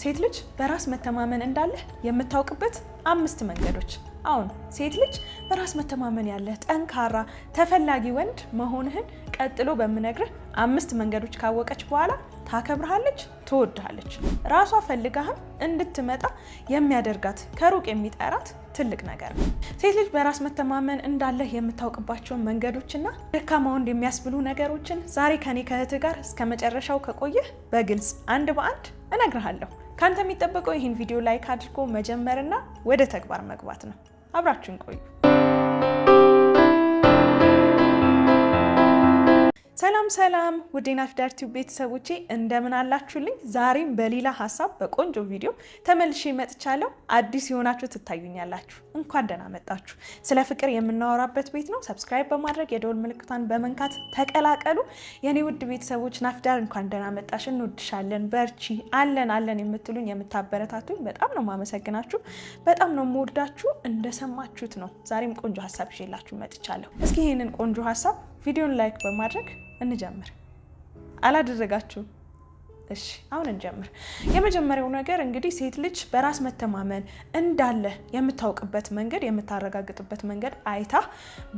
ሴት ልጅ በራስ መተማመን እንዳለህ የምታውቅበት አምስት መንገዶች። አሁን ሴት ልጅ በራስ መተማመን ያለህ ጠንካራ ተፈላጊ ወንድ መሆንህን ቀጥሎ በምነግርህ አምስት መንገዶች ካወቀች በኋላ ታከብርሃለች፣ ትወድሃለች። ራሷ ፈልጋህም እንድትመጣ የሚያደርጋት ከሩቅ የሚጠራት ትልቅ ነገር ነው። ሴት ልጅ በራስ መተማመን እንዳለህ የምታውቅባቸውን መንገዶችና ደካማ ወንድ የሚያስብሉ ነገሮችን ዛሬ ከኔ ከእህትህ ጋር እስከ መጨረሻው ከቆየህ በግልጽ አንድ በአንድ እነግርሃለሁ። ከአንተ የሚጠበቀው ይህን ቪዲዮ ላይክ አድርጎ መጀመርና ወደ ተግባር መግባት ነው። አብራችሁን ቆዩ። ሰላም ሰላም ውድ ናፊዳር ቲዩብ ቤተሰቦቼ እንደምን አላችሁልኝ? ዛሬም በሌላ ሀሳብ በቆንጆ ቪዲዮ ተመልሼ መጥቻለሁ። አዲስ የሆናችሁ ትታዩኛላችሁ፣ እንኳን ደህና መጣችሁ። ስለ ፍቅር የምናወራበት ቤት ነው። ሰብስክራይብ በማድረግ የደወል ምልክቷን በመንካት ተቀላቀሉ። የኔ ውድ ቤተሰቦች ናፊዳር እንኳን ደህና መጣሽ፣ እንወድሻለን፣ በርቺ፣ አለን አለን የምትሉኝ የምታበረታቱኝ በጣም ነው ማመሰግናችሁ፣ በጣም ነው የምወዳችሁ። እንደሰማችሁት ነው ዛሬም ቆንጆ ሀሳብ ይዤላችሁ መጥቻለሁ። እስኪ ይህንን ቆንጆ ሀሳብ ቪዲዮን ላይክ በማድረግ እንጀምር። አላደረጋችሁም? እሺ አሁን እንጀምር። የመጀመሪያው ነገር እንግዲህ ሴት ልጅ በራስ መተማመን እንዳለ የምታውቅበት መንገድ የምታረጋግጥበት መንገድ አይታ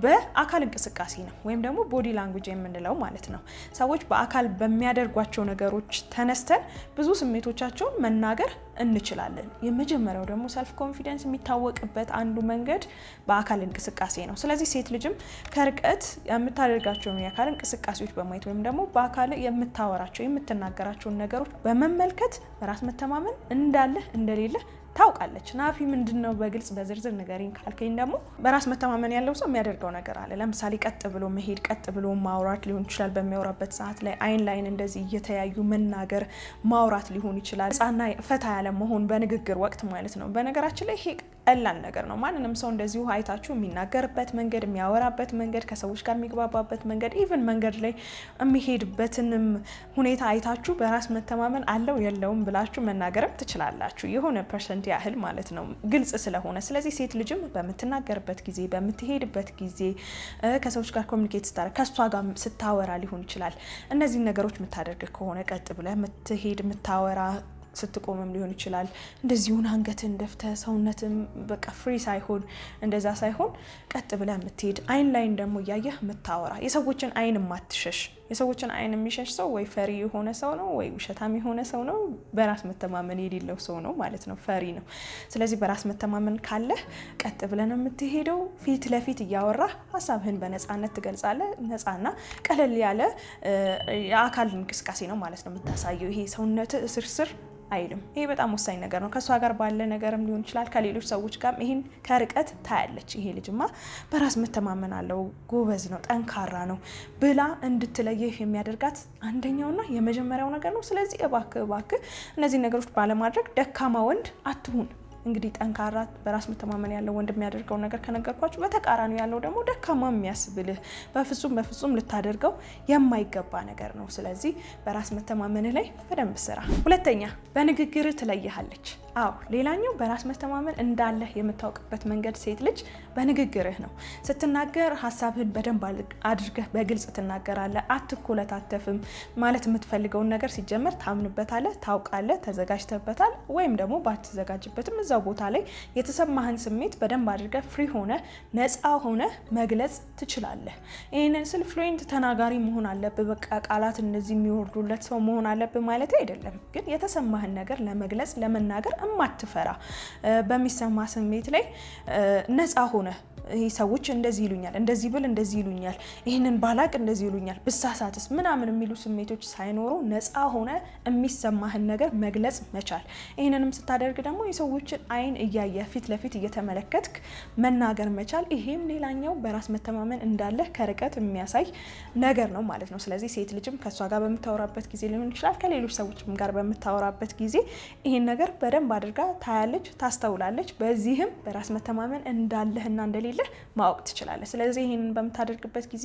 በአካል እንቅስቃሴ ነው፣ ወይም ደግሞ ቦዲ ላንጉጅ የምንለው ማለት ነው። ሰዎች በአካል በሚያደርጓቸው ነገሮች ተነስተን ብዙ ስሜቶቻቸውን መናገር እንችላለን። የመጀመሪያው ደግሞ ሰልፍ ኮንፊደንስ የሚታወቅበት አንዱ መንገድ በአካል እንቅስቃሴ ነው። ስለዚህ ሴት ልጅም ከርቀት የምታደርጋቸውን የአካል እንቅስቃሴዎች በማየት ወይም ደግሞ በአካል የምታወራቸው የምትናገራቸውን ነገሮች በመመልከት በራስ መተማመን እንዳለህ እንደሌለህ ታውቃለች። ናፊ ምንድን ነው በግልጽ በዝርዝር ንገሪኝ ካልከኝ ደግሞ በራስ መተማመን ያለው ሰው የሚያደርገው ነገር አለ። ለምሳሌ ቀጥ ብሎ መሄድ፣ ቀጥ ብሎ ማውራት ሊሆን ይችላል። በሚያወራበት ሰዓት ላይ አይን ላይን እንደዚህ እየተያዩ መናገር ማውራት ሊሆን ይችላል። ሕፃና ፈታ ያለ መሆን በንግግር ወቅት ማለት ነው። በነገራችን ላይ ይሄ ቀላል ነገር ነው። ማንንም ሰው እንደዚሁ አይታችሁ የሚናገርበት መንገድ፣ የሚያወራበት መንገድ፣ ከሰዎች ጋር የሚግባባበት መንገድ፣ ኢቨን መንገድ ላይ የሚሄድበትንም ሁኔታ አይታችሁ በራስ መተማመን አለው የለውም ብላችሁ መናገርም ትችላላችሁ። የሆነ ፐርሰንት ያህል ማለት ነው፣ ግልጽ ስለሆነ። ስለዚህ ሴት ልጅም በምትናገርበት ጊዜ፣ በምትሄድበት ጊዜ፣ ከሰዎች ጋር ኮሚኒኬት ስታደርግ፣ ከእሷ ጋር ስታወራ ሊሆን ይችላል እነዚህን ነገሮች የምታደርግ ከሆነ ቀጥ ብለህ የምትሄድ የምታወራ ስትቆምም ሊሆን ይችላል። እንደዚሁን አንገትን ደፍተ ሰውነትም በቃ ፍሪ ሳይሆን እንደዛ ሳይሆን ቀጥ ብለ የምትሄድ አይን ላይን ደግሞ እያየህ የምታወራ የሰዎችን አይን ማትሸሽ። የሰዎችን አይን የሚሸሽ ሰው ወይ ፈሪ የሆነ ሰው ነው ወይ ውሸታም የሆነ ሰው ነው፣ በራስ መተማመን የሌለው ሰው ነው ማለት ነው። ፈሪ ነው። ስለዚህ በራስ መተማመን ካለህ ቀጥ ብለን የምትሄደው ፊት ለፊት እያወራህ ሀሳብህን በነፃነት ትገልጻለህ። ነፃና ቀለል ያለ የአካል እንቅስቃሴ ነው ማለት ነው የምታሳየው። ይሄ ሰውነት ስርስር አይልም። ይሄ በጣም ወሳኝ ነገር ነው። ከእሷ ጋር ባለ ነገርም ሊሆን ይችላል፣ ከሌሎች ሰዎች ጋር ይህን ከርቀት ታያለች። ይሄ ልጅማ በራስ መተማመን አለው፣ ጎበዝ ነው፣ ጠንካራ ነው ብላ እንድትለይ ይህ የሚያደርጋት አንደኛውና የመጀመሪያው ነገር ነው። ስለዚህ እባክህ እባክህ እነዚህ ነገሮች ባለማድረግ ደካማ ወንድ አትሁን። እንግዲህ ጠንካራ በራስ መተማመን ያለው ወንድ የሚያደርገው ነገር ከነገርኳችሁ፣ በተቃራኒው ያለው ደግሞ ደካማ የሚያስብልህ በፍጹም በፍጹም ልታደርገው የማይገባ ነገር ነው። ስለዚህ በራስ መተማመንህ ላይ በደንብ ስራ። ሁለተኛ በንግግርህ ትለይሃለች። አዎ ሌላኛው በራስ መተማመን እንዳለህ የምታውቅበት መንገድ ሴት ልጅ በንግግርህ ነው። ስትናገር ሀሳብህን በደንብ አድርገህ በግልጽ ትናገራለህ። አትኮለታተፍም። ማለት የምትፈልገውን ነገር ሲጀመር ታምንበታለህ፣ ታውቃለህ፣ ተዘጋጅተበታል። ወይም ደግሞ ባትዘጋጅበትም እዛው ቦታ ላይ የተሰማህን ስሜት በደንብ አድርገህ ፍሪ ሆነ ነፃ ሆነ መግለጽ ትችላለህ። ይህንን ስል ፍሉዌንት ተናጋሪ መሆን አለብህ፣ በቃ ቃላት እነዚህ የሚወርዱለት ሰው መሆን አለብህ ማለት አይደለም። ግን የተሰማህን ነገር ለመግለጽ ለመናገር እማትፈራ በሚሰማ ስሜት ላይ ነፃ ሆነ ይሄ ሰዎች እንደዚህ ይሉኛል፣ እንደዚህ ብል እንደዚህ ይሉኛል፣ ይህንን ባላቅ እንደዚህ ይሉኛል፣ ብሳሳትስ ምናምን የሚሉ ስሜቶች ሳይኖሩ ነፃ ሆነ የሚሰማህን ነገር መግለጽ መቻል። ይህንንም ስታደርግ ደግሞ የሰዎችን አይን እያየ ፊት ለፊት እየተመለከትክ መናገር መቻል። ይሄም ሌላኛው በራስ መተማመን እንዳለህ ከርቀት የሚያሳይ ነገር ነው ማለት ነው። ስለዚህ ሴት ልጅም ከእሷ ጋር በምታወራበት ጊዜ ሊሆን ይችላል፣ ከሌሎች ሰዎችም ጋር በምታወራበት ጊዜ ይህን ነገር በደንብ በደንብ አድርጋ ታያለች፣ ታስተውላለች። በዚህም በራስ መተማመን እንዳለህና እንደሌለህ ማወቅ ትችላለህ። ስለዚህ ይህንን በምታደርግበት ጊዜ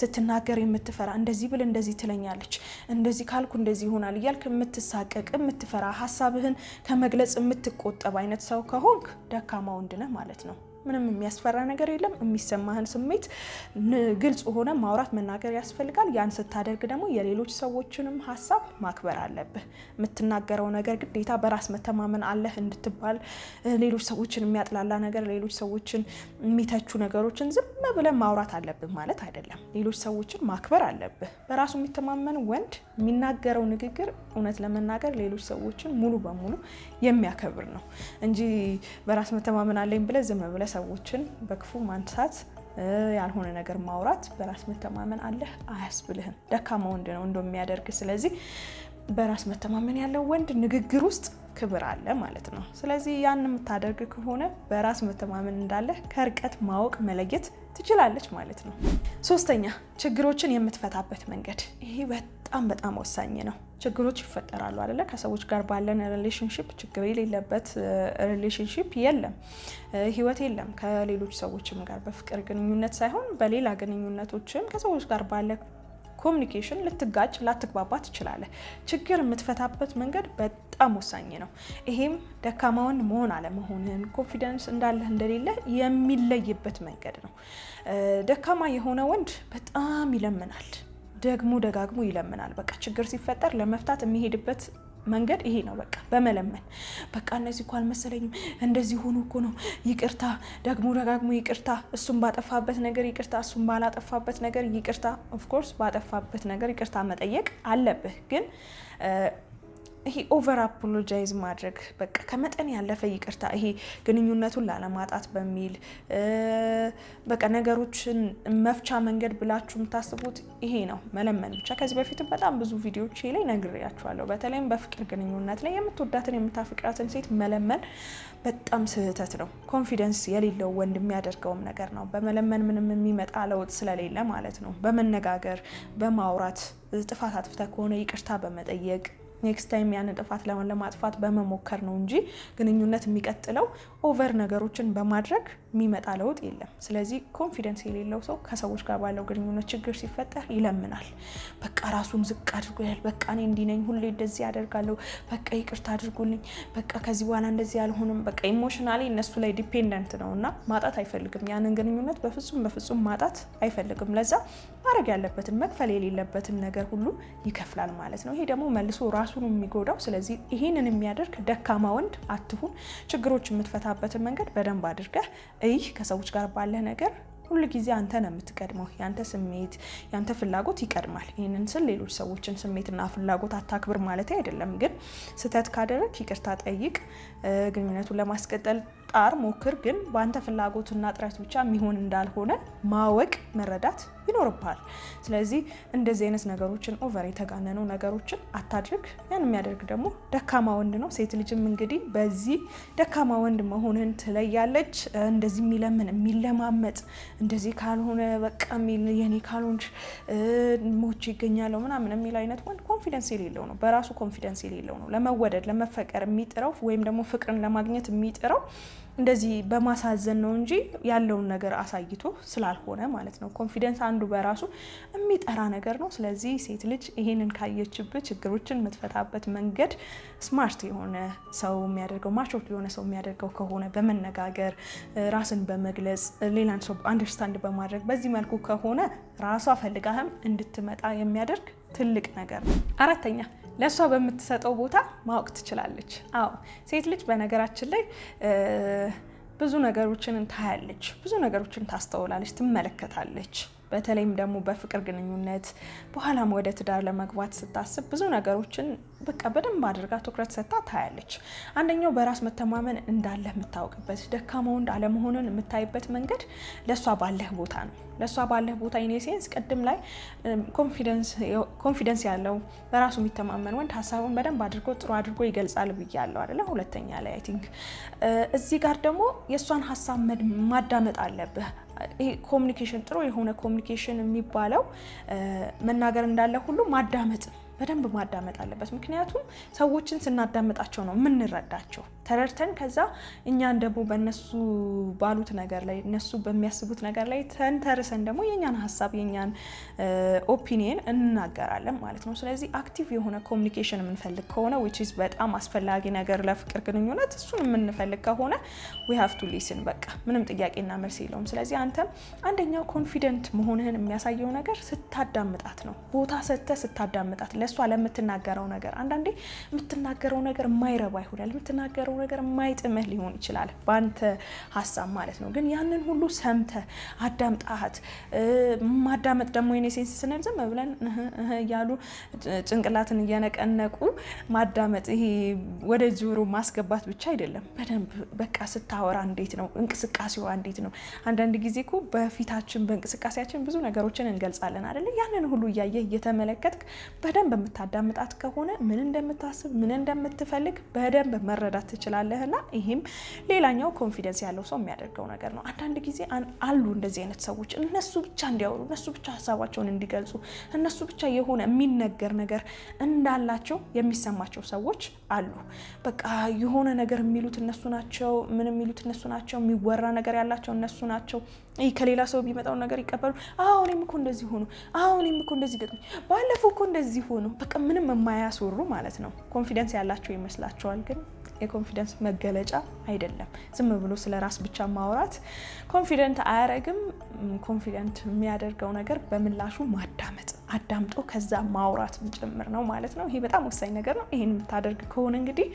ስትናገር የምትፈራ እንደዚህ ብል እንደዚህ ትለኛለች፣ እንደዚህ ካልኩ እንደዚህ ይሆናል እያልክ የምትሳቀቅ የምትፈራ ሀሳብህን ከመግለጽ የምትቆጠብ አይነት ሰው ከሆንክ ደካማ ወንድ ነህ ማለት ነው። ምንም የሚያስፈራ ነገር የለም። የሚሰማህን ስሜት ግልጽ ሆነ ማውራት መናገር ያስፈልጋል። ያን ስታደርግ ደግሞ የሌሎች ሰዎችንም ሀሳብ ማክበር አለብህ። የምትናገረው ነገር ግዴታ በራስ መተማመን አለህ እንድትባል ሌሎች ሰዎችን የሚያጥላላ ነገር፣ ሌሎች ሰዎችን የሚተቹ ነገሮችን ዝም ብለን ማውራት አለብህ ማለት አይደለም። ሌሎች ሰዎችን ማክበር አለብህ። በራሱ የሚተማመን ወንድ የሚናገረው ንግግር እውነት ለመናገር ሌሎች ሰዎችን ሙሉ በሙሉ የሚያከብር ነው እንጂ በራስ መተማመን አለኝ ብለህ ዝም ብለህ ሰዎችን በክፉ ማንሳት ያልሆነ ነገር ማውራት በራስ መተማመን አለህ አያስብልህም። ደካማ ወንድ ነው የሚያደርግ። ስለዚህ በራስ መተማመን ያለው ወንድ ንግግር ውስጥ ክብር አለ ማለት ነው። ስለዚህ ያን የምታደርግ ከሆነ በራስ መተማመን እንዳለ ከርቀት ማወቅ መለየት ትችላለች ማለት ነው። ሶስተኛ ችግሮችን የምትፈታበት መንገድ ይሄ በጣም በጣም ወሳኝ ነው። ችግሮች ይፈጠራሉ አይደለ? ከሰዎች ጋር ባለን ሪሌሽንሽፕ ችግር የሌለበት ሪሌሽንሽፕ የለም፣ ህይወት የለም። ከሌሎች ሰዎችም ጋር በፍቅር ግንኙነት ሳይሆን በሌላ ግንኙነቶችም ከሰዎች ጋር ባለ ኮሚኒኬሽን ልትጋጭ ላትግባባ ትችላለህ። ችግር የምትፈታበት መንገድ በጣም ወሳኝ ነው። ይሄም ደካማውን መሆን አለመሆንን፣ ኮንፊደንስ እንዳለህ እንደሌለ የሚለይበት መንገድ ነው። ደካማ የሆነ ወንድ በጣም ይለምናል። ደግሞ ደጋግሞ ይለምናል። በቃ ችግር ሲፈጠር ለመፍታት የሚሄድበት መንገድ ይሄ ነው። በቃ በመለመን በቃ እነዚህ እኮ አልመሰለኝም፣ እንደዚህ ሆኖ እኮ ነው፣ ይቅርታ፣ ደግሞ ደጋግሞ ይቅርታ፣ እሱም ባጠፋበት ነገር ይቅርታ፣ እሱም ባላጠፋበት ነገር ይቅርታ። ኦፍኮርስ ባጠፋበት ነገር ይቅርታ መጠየቅ አለብህ ግን ይሄ ኦቨር አፖሎጃይዝ ማድረግ በቃ ከመጠን ያለፈ ይቅርታ፣ ይሄ ግንኙነቱን ላለማጣት በሚል በቃ ነገሮችን መፍቻ መንገድ ብላችሁ የምታስቡት ይሄ ነው መለመን ብቻ። ከዚህ በፊትም በጣም ብዙ ቪዲዮች ላይ ነግሬያችኋለሁ። በተለይም በፍቅር ግንኙነት ላይ የምትወዳትን የምታፈቅራትን ሴት መለመን በጣም ስህተት ነው። ኮንፊደንስ የሌለው ወንድ የሚያደርገውም ነገር ነው። በመለመን ምንም የሚመጣ ለውጥ ስለሌለ ማለት ነው። በመነጋገር በማውራት ጥፋት አጥፍተ ከሆነ ይቅርታ በመጠየቅ ኔክስት ታይም ያን ጥፋት ለማጥፋት በመሞከር ነው እንጂ ግንኙነት የሚቀጥለው ኦቨር ነገሮችን በማድረግ የሚመጣ ለውጥ የለም። ስለዚህ ኮንፊደንስ የሌለው ሰው ከሰዎች ጋር ባለው ግንኙነት ችግር ሲፈጠር ይለምናል። በቃ ራሱን ዝቅ አድርጎ በቃ እኔ እንዲህ ነኝ፣ ሁሌ እንደዚህ ያደርጋለሁ፣ በቃ ይቅርታ አድርጉልኝ፣ በቃ ከዚህ በኋላ እንደዚህ አልሆንም፣ በቃ ኢሞሽናሊ እነሱ ላይ ዲፔንደንት ነው እና ማጣት አይፈልግም። ያንን ግንኙነት በፍጹም በፍጹም ማጣት አይፈልግም። ለዛ ማድረግ ያለበትን መክፈል የሌለበትን ነገር ሁሉ ይከፍላል ማለት ነው። ይሄ ደግሞ መልሶ ራሱን የሚጎዳው። ስለዚህ ይሄንን የሚያደርግ ደካማ ወንድ አትሁን። ችግሮች የምትፈታበትን መንገድ በደንብ አድርገህ እይ። ከሰዎች ጋር ባለህ ነገር ሁሉ ጊዜ አንተ ነው የምትቀድመው። ያንተ ስሜት ያንተ ፍላጎት ይቀድማል። ይህንን ስል ሌሎች ሰዎችን ስሜትና ፍላጎት አታክብር ማለት አይደለም፣ ግን ስህተት ካደረግ ይቅርታ ጠይቅ። ግንኙነቱን ለማስቀጠል ጣር ሞክር፣ ግን በአንተ ፍላጎትና ጥረት ብቻ የሚሆን እንዳልሆነ ማወቅ መረዳት ይኖርብሃል። ስለዚህ እንደዚህ አይነት ነገሮችን ኦቨር የተጋነኑ ነገሮችን አታድርግ። ያን የሚያደርግ ደግሞ ደካማ ወንድ ነው። ሴት ልጅም እንግዲህ በዚህ ደካማ ወንድ መሆንን ትለያለች። እንደዚህ የሚለምን የሚለማመጥ እንደዚህ ካልሆነ በቃ የሚል የኔ ካልሆንሽ ሞቼ ይገኛለሁ ምናምን የሚል አይነት ወንድ ኮንፊደንስ የሌለው ነው። በራሱ ኮንፊደንስ የሌለው ነው። ለመወደድ ለመፈቀር የሚጥረው ወይም ደግሞ ፍቅርን ለማግኘት የሚጥረው እንደዚህ በማሳዘን ነው እንጂ ያለውን ነገር አሳይቶ ስላልሆነ ማለት ነው። ኮንፊደንስ አንዱ በራሱ የሚጠራ ነገር ነው። ስለዚህ ሴት ልጅ ይሄንን ካየችብ ችግሮችን የምትፈታበት መንገድ ስማርት የሆነ ሰው የሚያደርገው ማቾት የሆነ ሰው የሚያደርገው ከሆነ በመነጋገር ራስን በመግለጽ ሌላን ሰው አንደርስታንድ በማድረግ በዚህ መልኩ ከሆነ ራሷ ፈልጋህም እንድትመጣ የሚያደርግ ትልቅ ነገር ነው። አራተኛ ለእሷ በምትሰጠው ቦታ ማወቅ ትችላለች። አዎ ሴት ልጅ በነገራችን ላይ ብዙ ነገሮችን ታያለች፣ ብዙ ነገሮችን ታስተውላለች፣ ትመለከታለች። በተለይም ደግሞ በፍቅር ግንኙነት በኋላም ወደ ትዳር ለመግባት ስታስብ ብዙ ነገሮችን በቃ በደንብ አድርጋ ትኩረት ሰጥታ ታያለች። አንደኛው በራስ መተማመን እንዳለ የምታውቅበት ደካማ ወንድ አለመሆንን የምታይበት መንገድ ለእሷ ባለህ ቦታ ነው። ለእሷ ባለህ ቦታ ኢኔ ሴንስ ቅድም ላይ ኮንፊደንስ ያለው በራሱ የሚተማመን ወንድ ሀሳቡን በደንብ አድርጎ ጥሩ አድርጎ ይገልጻል ብዬ አይደለ? ሁለተኛ ላይ አይ ቲንክ እዚህ ጋር ደግሞ የእሷን ሀሳብ ማዳመጥ አለብህ። ይሄ ኮሚኒኬሽን ጥሩ የሆነ ኮሚኒኬሽን የሚባለው መናገር እንዳለ ሁሉ ማዳመጥ በደንብ ማዳመጥ አለበት። ምክንያቱም ሰዎችን ስናዳምጣቸው ነው የምንረዳቸው። ተረድተን ከዛ እኛን ደግሞ በእነሱ ባሉት ነገር ላይ እነሱ በሚያስቡት ነገር ላይ ተንተርሰን ደግሞ የእኛን ሀሳብ የእኛን ኦፒኒየን እንናገራለን ማለት ነው። ስለዚህ አክቲቭ የሆነ ኮሚኒኬሽን የምንፈልግ ከሆነ ዊች ኢዝ በጣም አስፈላጊ ነገር ለፍቅር ግንኙነት፣ እሱን የምንፈልግ ከሆነ ዊ ቱ ሊስን በቃ ምንም ጥያቄና መልስ የለውም። ስለዚህ አንተም አንደኛው ኮንፊደንት መሆንህን የሚያሳየው ነገር ስታዳምጣት ነው። ቦታ ሰተ ስታዳምጣት ለእሷ ለምትናገረው ነገር አንዳንዴ የምትናገረው ነገር የማይረባ ይሆናል የምትናገረው ያለው ነገር የማይጥምህ ሊሆን ይችላል፣ በአንተ ሀሳብ ማለት ነው። ግን ያንን ሁሉ ሰምተህ አዳምጣሃት ማዳመጥ ደግሞ የኔ ሴንስ ስንል ዝም ብለን እያሉ ጭንቅላትን እየነቀነቁ ማዳመጥ ይሄ ወደ ጆሮ ማስገባት ብቻ አይደለም። በደንብ በቃ ስታወራ እንዴት ነው እንቅስቃሴዋ እንዴት ነው? አንዳንድ ጊዜ እኮ በፊታችን በእንቅስቃሴያችን ብዙ ነገሮችን እንገልጻለን አይደለ? ያንን ሁሉ እያየህ እየተመለከትክ በደንብ የምታዳምጣት ከሆነ ምን እንደምታስብ ምን እንደምትፈልግ በደንብ መረዳት ትችላለህ። ትችላለህና ይህም ሌላኛው ኮንፊደንስ ያለው ሰው የሚያደርገው ነገር ነው። አንዳንድ ጊዜ አሉ እንደዚህ አይነት ሰዎች እነሱ ብቻ እንዲያወሩ፣ እነሱ ብቻ ሀሳባቸውን እንዲገልጹ፣ እነሱ ብቻ የሆነ የሚነገር ነገር እንዳላቸው የሚሰማቸው ሰዎች አሉ። በቃ የሆነ ነገር የሚሉት እነሱ ናቸው፣ ምን የሚሉት እነሱ ናቸው፣ የሚወራ ነገር ያላቸው እነሱ ናቸው። ከሌላ ሰው የሚመጣውን ነገር ይቀበሉ። አሁን እኮ እንደዚህ ሆኑ፣ አሁን እኮ እንደዚህ ገጥሞኝ፣ ባለፈው እኮ እንደዚህ ሆኑ። በቃ ምንም የማያስወሩ ማለት ነው። ኮንፊደንስ ያላቸው ይመስላቸዋል ግን የኮንፊደንስ መገለጫ አይደለም። ዝም ብሎ ስለ ራስ ብቻ ማውራት ኮንፊደንት አያረግም። ኮንፊደንት የሚያደርገው ነገር በምላሹ ማዳመጥ፣ አዳምጦ ከዛ ማውራት ጭምር ነው ማለት ነው። ይሄ በጣም ወሳኝ ነገር ነው። ይሄን የምታደርግ ከሆነ እንግዲህ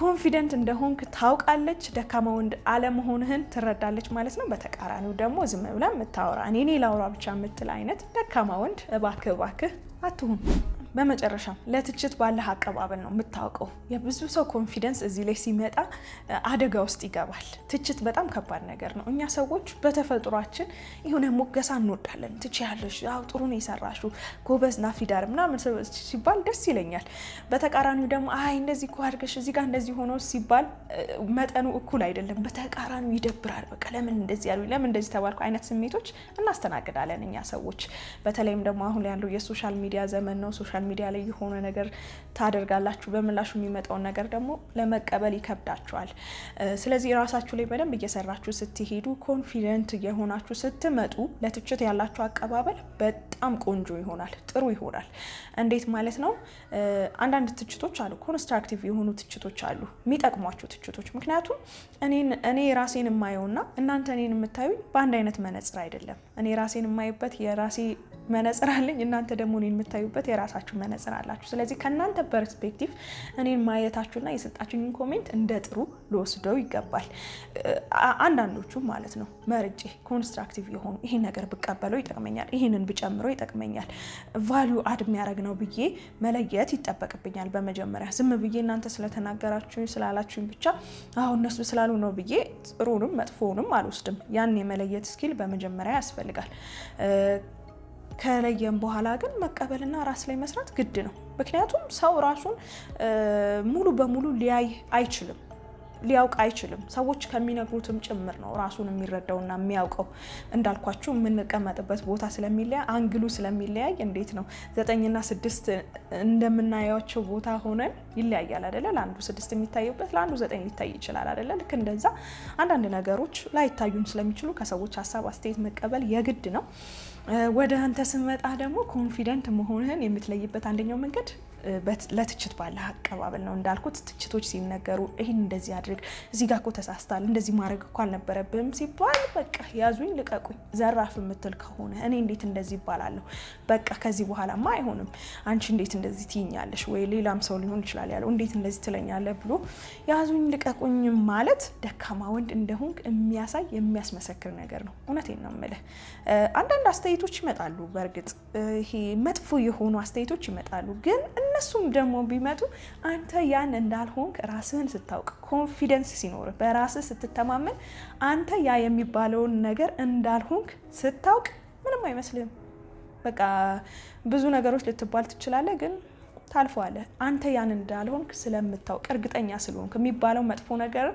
ኮንፊደንት እንደሆንክ ታውቃለች። ደካማ ወንድ አለመሆንህን ትረዳለች ማለት ነው። በተቃራኒው ደግሞ ዝም ብላ የምታወራ እኔ ላውራ ብቻ የምትል አይነት ደካማ ወንድ እባክህ እባክህ አትሁን። በመጨረሻም ለትችት ባለህ አቀባበል ነው የምታውቀው። የብዙ ሰው ኮንፊደንስ እዚህ ላይ ሲመጣ አደጋ ውስጥ ይገባል። ትችት በጣም ከባድ ነገር ነው። እኛ ሰዎች በተፈጥሯችን የሆነ ሙገሳ እንወዳለን። ትች ያለሽ ያው ጥሩ ነው የሰራሹ ጎበዝ ናፊዳር ምናምን ሲባል ደስ ይለኛል። በተቃራኒው ደግሞ አይ እንደዚህ እኮ አድርገሽ እዚህ ጋር እንደዚህ ሆኖ ሲባል መጠኑ እኩል አይደለም። በተቃራኒው ይደብራል። በቃ ለምን እንደዚህ ያሉ ለምን እንደዚህ ተባልኩ አይነት ስሜቶች እናስተናግዳለን እኛ ሰዎች። በተለይም ደግሞ አሁን ያለው የሶሻል ሚዲያ ዘመን ነው። ሶሻል ሚዲያ ላይ የሆነ ነገር ታደርጋላችሁ፣ በምላሹ የሚመጣውን ነገር ደግሞ ለመቀበል ይከብዳችኋል። ስለዚህ ራሳችሁ ላይ በደንብ እየሰራችሁ ስትሄዱ፣ ኮንፊደንት የሆናችሁ ስትመጡ፣ ለትችት ያላችሁ አቀባበል በጣም ቆንጆ ይሆናል፣ ጥሩ ይሆናል። እንዴት ማለት ነው? አንዳንድ ትችቶች አሉ፣ ኮንስትራክቲቭ የሆኑ ትችቶች አሉ፣ የሚጠቅሟችሁ ትችቶች። ምክንያቱም እኔ ራሴን የማየውና እናንተ እኔን የምታዩኝ በአንድ አይነት መነጽር አይደለም። እኔ ራሴን የማይበት የራሴ መነጽር አለኝ፣ እናንተ ደግሞ እኔን የምታዩበት የራሳችሁ መነጽር አላችሁ። ስለዚህ ከእናንተ ፐርስፔክቲቭ እኔን ማየታችሁና የሰጣችሁኝን ኮሜንት እንደ ጥሩ ልወስደው ይገባል። አንዳንዶቹም ማለት ነው መርጬ ኮንስትራክቲቭ የሆኑ ይሄ ነገር ብቀበለው ይጠቅመኛል፣ ይህንን ብጨምረው ይጠቅመኛል፣ ቫሊዩ አድ የሚያደርግ ነው ብዬ መለየት ይጠበቅብኛል። በመጀመሪያ ዝም ብዬ እናንተ ስለተናገራችሁ ስላላችሁኝ ብቻ አሁን እነሱ ስላሉ ነው ብዬ ጥሩንም መጥፎውንም አልወስድም። ያን የመለየት ስኪል በመጀመሪያ ያስፈልጋል። ከለየም በኋላ ግን መቀበልና ራስ ላይ መስራት ግድ ነው። ምክንያቱም ሰው ራሱን ሙሉ በሙሉ ሊያይ አይችልም፣ ሊያውቅ አይችልም። ሰዎች ከሚነግሩትም ጭምር ነው ራሱን የሚረዳውና የሚያውቀው። እንዳልኳችሁ የምንቀመጥበት ቦታ ስለሚለያይ፣ አንግሉ ስለሚለያይ እንዴት ነው ዘጠኝና ስድስት እንደምናያቸው ቦታ ሆነን ይለያያል አይደለ? ለአንዱ ስድስት የሚታይበት ለአንዱ ዘጠኝ ሊታይ ይችላል አይደለ? ልክ እንደዛ አንዳንድ ነገሮች ላይታዩን ስለሚችሉ ከሰዎች ሀሳብ አስተያየት መቀበል የግድ ነው። ወደ አንተ ስመጣ ደግሞ ኮንፊደንት መሆንህን የምትለይበት አንደኛው መንገድ ለትችት ባለ አቀባበል ነው። እንዳልኩት ትችቶች ሲነገሩ ይህን እንደዚህ አድርግ፣ እዚህ ጋር እኮ ተሳስታል፣ እንደዚህ ማድረግ እኮ አልነበረብም ሲባል በቃ ያዙኝ ልቀቁኝ፣ ዘራፍ የምትል ከሆነ እኔ እንዴት እንደዚህ ይባላለሁ፣ በቃ ከዚህ በኋላማ አይሆንም፣ አንቺ እንዴት እንደዚህ ትይኛለሽ፣ ወይ ሌላም ሰው ሊሆን ይችላል ይችላል ያለው። እንዴት እንደዚህ ትለኛለህ ብሎ ያዙኝ ልቀቁኝ ማለት ደካማ ወንድ እንደሆንክ የሚያሳይ የሚያስመሰክር ነገር ነው። እውነቴን ነው የምልህ። አንዳንድ አስተያየቶች ይመጣሉ። በእርግጥ ይሄ መጥፎ የሆኑ አስተያየቶች ይመጣሉ። ግን እነሱም ደግሞ ቢመጡ አንተ ያን እንዳልሆንክ ራስህን ስታውቅ፣ ኮንፊደንስ ሲኖር በራስህ ስትተማመን አንተ ያ የሚባለውን ነገር እንዳልሆንክ ስታውቅ ምንም አይመስልም። በቃ ብዙ ነገሮች ልትባል ትችላለህ ግን ታልፈዋለህ። አንተ ያን እንዳልሆንክ ስለምታውቅ እርግጠኛ ስለሆንክ የሚባለው መጥፎ ነገር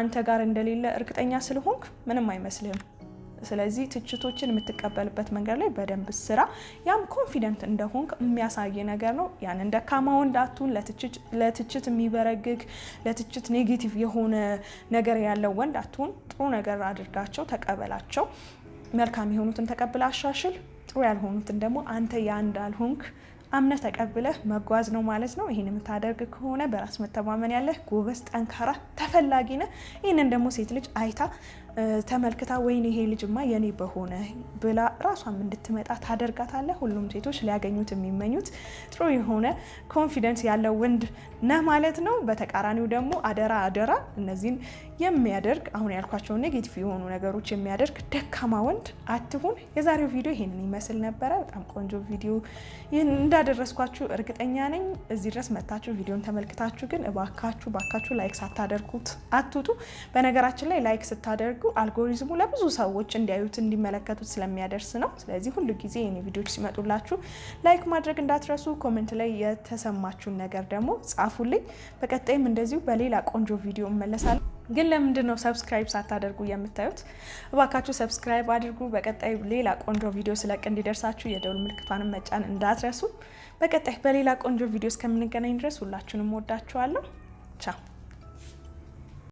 አንተ ጋር እንደሌለ እርግጠኛ ስለሆንክ ምንም አይመስልህም። ስለዚህ ትችቶችን የምትቀበልበት መንገድ ላይ በደንብ ስራ። ያም ኮንፊደንት እንደሆንክ የሚያሳይ ነገር ነው። ያንን ደካማው ወንዳቱን ለትችት የሚበረግግ ለትችት ኔጌቲቭ የሆነ ነገር ያለው ወንዳቱን ጥሩ ነገር አድርጋቸው፣ ተቀበላቸው። መልካም የሆኑትን ተቀብለ አሻሽል። ጥሩ ያልሆኑትን ደግሞ አንተ ያ እንዳልሆንክ አምነህ ተቀብለህ መጓዝ ነው ማለት ነው። ይህን የምታደርግ ከሆነ በራስ መተማመን ያለህ ጎበዝ፣ ጠንካራ፣ ተፈላጊ ነህ። ይህንን ደግሞ ሴት ልጅ አይታ ተመልክታ ወይን ይሄ ልጅማ የኔ በሆነ ብላ ራሷም እንድትመጣ ታደርጋታለህ። ሁሉም ሴቶች ሊያገኙት የሚመኙት ጥሩ የሆነ ኮንፊደንስ ያለው ወንድ ነህ ማለት ነው። በተቃራኒው ደግሞ አደራ አደራ እነዚህን የሚያደርግ አሁን ያልኳቸው ኔጌቲቭ የሆኑ ነገሮች የሚያደርግ ደካማ ወንድ አትሁን። የዛሬው ቪዲዮ ይሄንን ይመስል ነበረ። በጣም ቆንጆ ቪዲዮ እንዳደረስኳችሁ እርግጠኛ ነኝ። እዚህ ድረስ መታችሁ ቪዲዮን ተመልክታችሁ ግን እባካችሁ ባካችሁ ላይክ ሳታደርጉት አትውጡ። በነገራችን ላይ ላይክ ስታደርጉ አልጎሪዝሙ ለብዙ ሰዎች እንዲያዩት እንዲመለከቱት ስለሚያደርስ ነው። ስለዚህ ሁሉ ጊዜ የኔ ቪዲዮች ሲመጡላችሁ ላይክ ማድረግ እንዳትረሱ። ኮሜንት ላይ የተሰማችሁን ነገር ደግሞ ጻፉልኝ። በቀጣይም እንደዚሁ በሌላ ቆንጆ ቪዲዮ እመለሳለሁ። ግን ለምንድን ነው ሰብስክራይብ ሳታደርጉ የምታዩት? እባካችሁ ሰብስክራይብ አድርጉ። በቀጣይ ሌላ ቆንጆ ቪዲዮ ስለቅ እንዲደርሳችሁ የደውል ምልክቷንም መጫን እንዳትረሱ። በቀጣይ በሌላ ቆንጆ ቪዲዮ እስከምንገናኝ ድረስ ሁላችሁንም ወዳችኋለሁ። ቻው